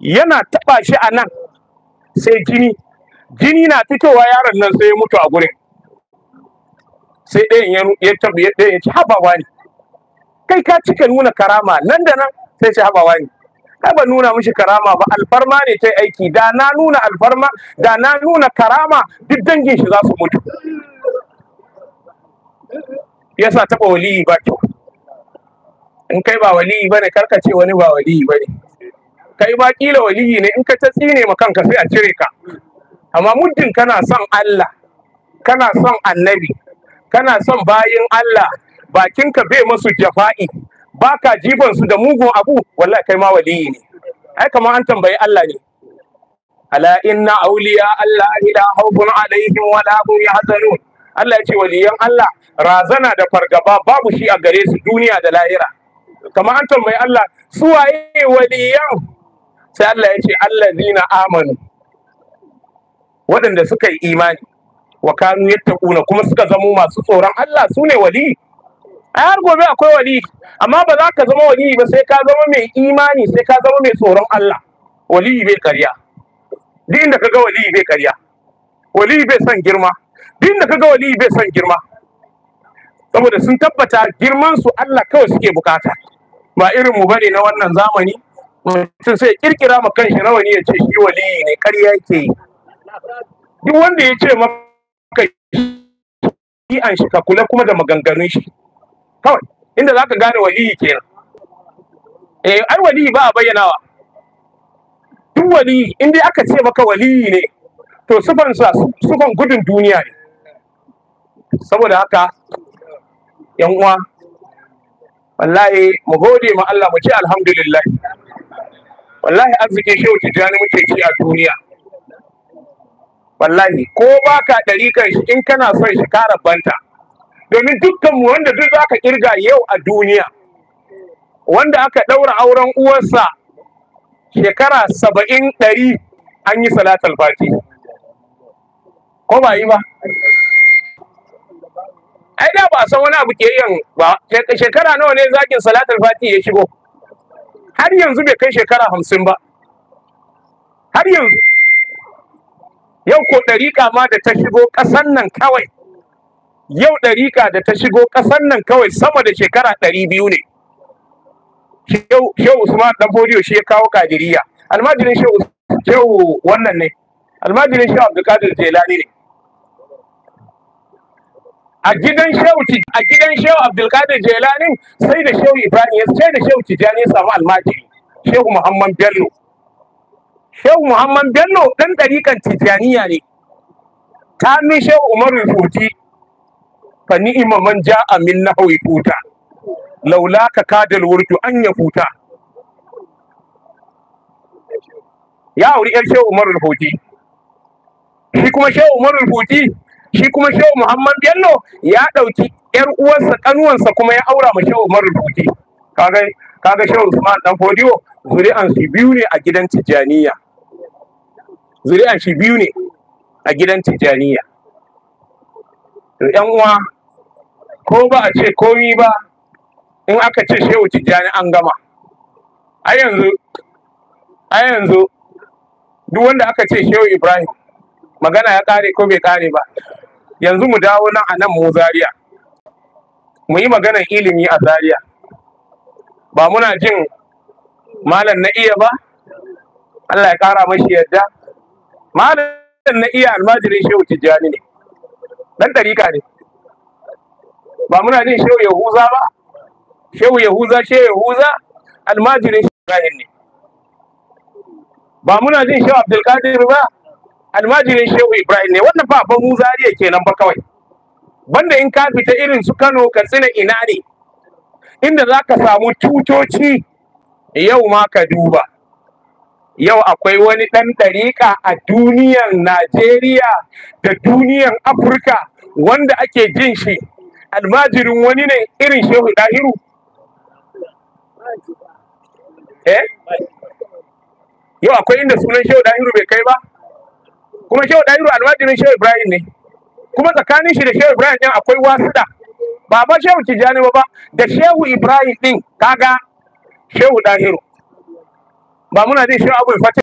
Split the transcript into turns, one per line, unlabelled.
yana taɓa shi a nan sai jini jini na fitowa yaron nan sai ya mutu a gurin sai ɗayan ya tabi ya ɗayan ci habawa ne kai ka cika nuna karama nan da nan sai ci habawa ne kai ba nuna mishi karama ba alfarma ne ta aiki da na nuna alfarma da na nuna karama duk dangin shi za su mutu yasa taɓa waliyi ba kyau in kai ba waliyi bane karka ce wani ba waliyi ba ne. kai ma kila waliyi ne in ka ta tsine ma kanka sai a cire ka amma muddin kana son Allah kana son annabi kana son bayin Allah bakinka bai masu jafa'i baka jifan su da mugun abu wallahi kai ma waliyi ne ai kamar an tambayi Allah ne ala inna awliya Allah ila hawbun alaihim wa la hum yahzanun Allah ya ce waliyan Allah razana da fargaba babu shi a gare su duniya da lahira kamar an tambayi Allah su waye waliyan sai Allah ya ce Allah zina amanu waɗanda suka yi imani wa kanu ƙuna kuma suka zamo masu tsoron Allah su ne wali A har gobe akwai wali amma ba za ka zama wali ba sai ka zama mai imani sai ka zama mai tsoron Allah wali bai karya duk inda kaga wali bai karya wali bai son girma duk inda kaga wali bai son girma saboda sun tabbata girman su Allah kawai suke bukata ba irin mu bane na wannan zamani mutum sai kirkira ma kanshi rawani ya ce shi wali ne ƙarya yake yi duk wanda ya ce maka yi an shi ka kula kuma da maganganun shi kawai inda za ka gane ke kenan eh ai wali ba a bayyanawa duk wali in dai aka ce maka waliyi ne to sufan sa sufan gudun duniya ne saboda haka yan uwa wallahi mu gode ma Allah mu ce alhamdulillah wallahi arzikin shehu tijjani muke ci a duniya wallahi ko baka kan shi in kana son shi ka rabanta domin dukkanmu wanda duk za ka kirga yau a duniya wanda aka ɗaura auren uwarsa shekara saba'in ɗari an yi salatul fati ko ba yi ba ai da ba san wani abu ke yin ba shekara nawa ne zakin salatul fati ya shigo har yanzu bai kai shekara hamsin ba har yanzu yau ko ɗariƙa ma da ta shigo ƙasan nan kawai yau ɗariƙa da ta shigo ƙasan nan kawai sama da shekara ɗari biyu ne shehu usman dan fodiyo shi ya kawo kadiriya almajirin shehu wannan ne almajirin shehu abdulkadir jelani ne a gidan shehu a gidan shehu abdulkadir jelani sai da shehu ibrahim sai da shehu tijani ya samu almajiri shehu muhammad bello shehu muhammad bello dan ɗarikan tijaniya ne ta hannun shehu umar rufuti fa ni'ima man ja'a min nahwi futa laula ka kadal wurtu an ya futa ya auri yar shehu umar rufuti shi kuma shehu umar rufuti shi kuma shehu muhammad bello ya ɗauki yar uwarsa kanuwansa kuma ya aura ma shehu umar rubuti kaga kaga shehu usman dan fodiyo zuri'an shi biyu ne a gidan tijaniya zuri'an shi biyu ne a gidan tijaniya to yan uwa ko ba a ce komi ba in aka ce shehu tijani an gama a yanzu a yanzu duk wanda aka ce shehu ibrahim magana ya kare ko bai kare ba yanzu mu dawo nan a nan mu Zariya. mu yi maganar ilimi a Zariya. ba muna jin malam na iya ba Allah ya kara mashi yadda malam na iya almajirin shehu tijjani ne dan tarika ne ba muna jin shehu yahuza ba shehu yahuza shehu yahuza almajirin shehu ne ba muna jin shehu abdulkadir ba almajirin shehu ibrahim ne wannan fa mu zariya kenan ba kawai banda in ka fita irin su kano katsina ina ne inda za ka samu tutoci yau ma ka duba yau akwai wani ɗan ɗariƙa a duniyar najeriya da duniyar afirka wanda ake jin shi almajirin wani ne irin shehu ɗahiru eh yau akwai inda sunan shehu ɗahiru bai kai ba kuma shehu ɗahiru almajirin shehu ibrahim ne kuma tsakanin shi da shehu ibrahim ɗin akwai da. ba ma shehu tijjani ba da shehu ibrahim ɗin kaga shehu ɗahiru ba muna jin shehu abu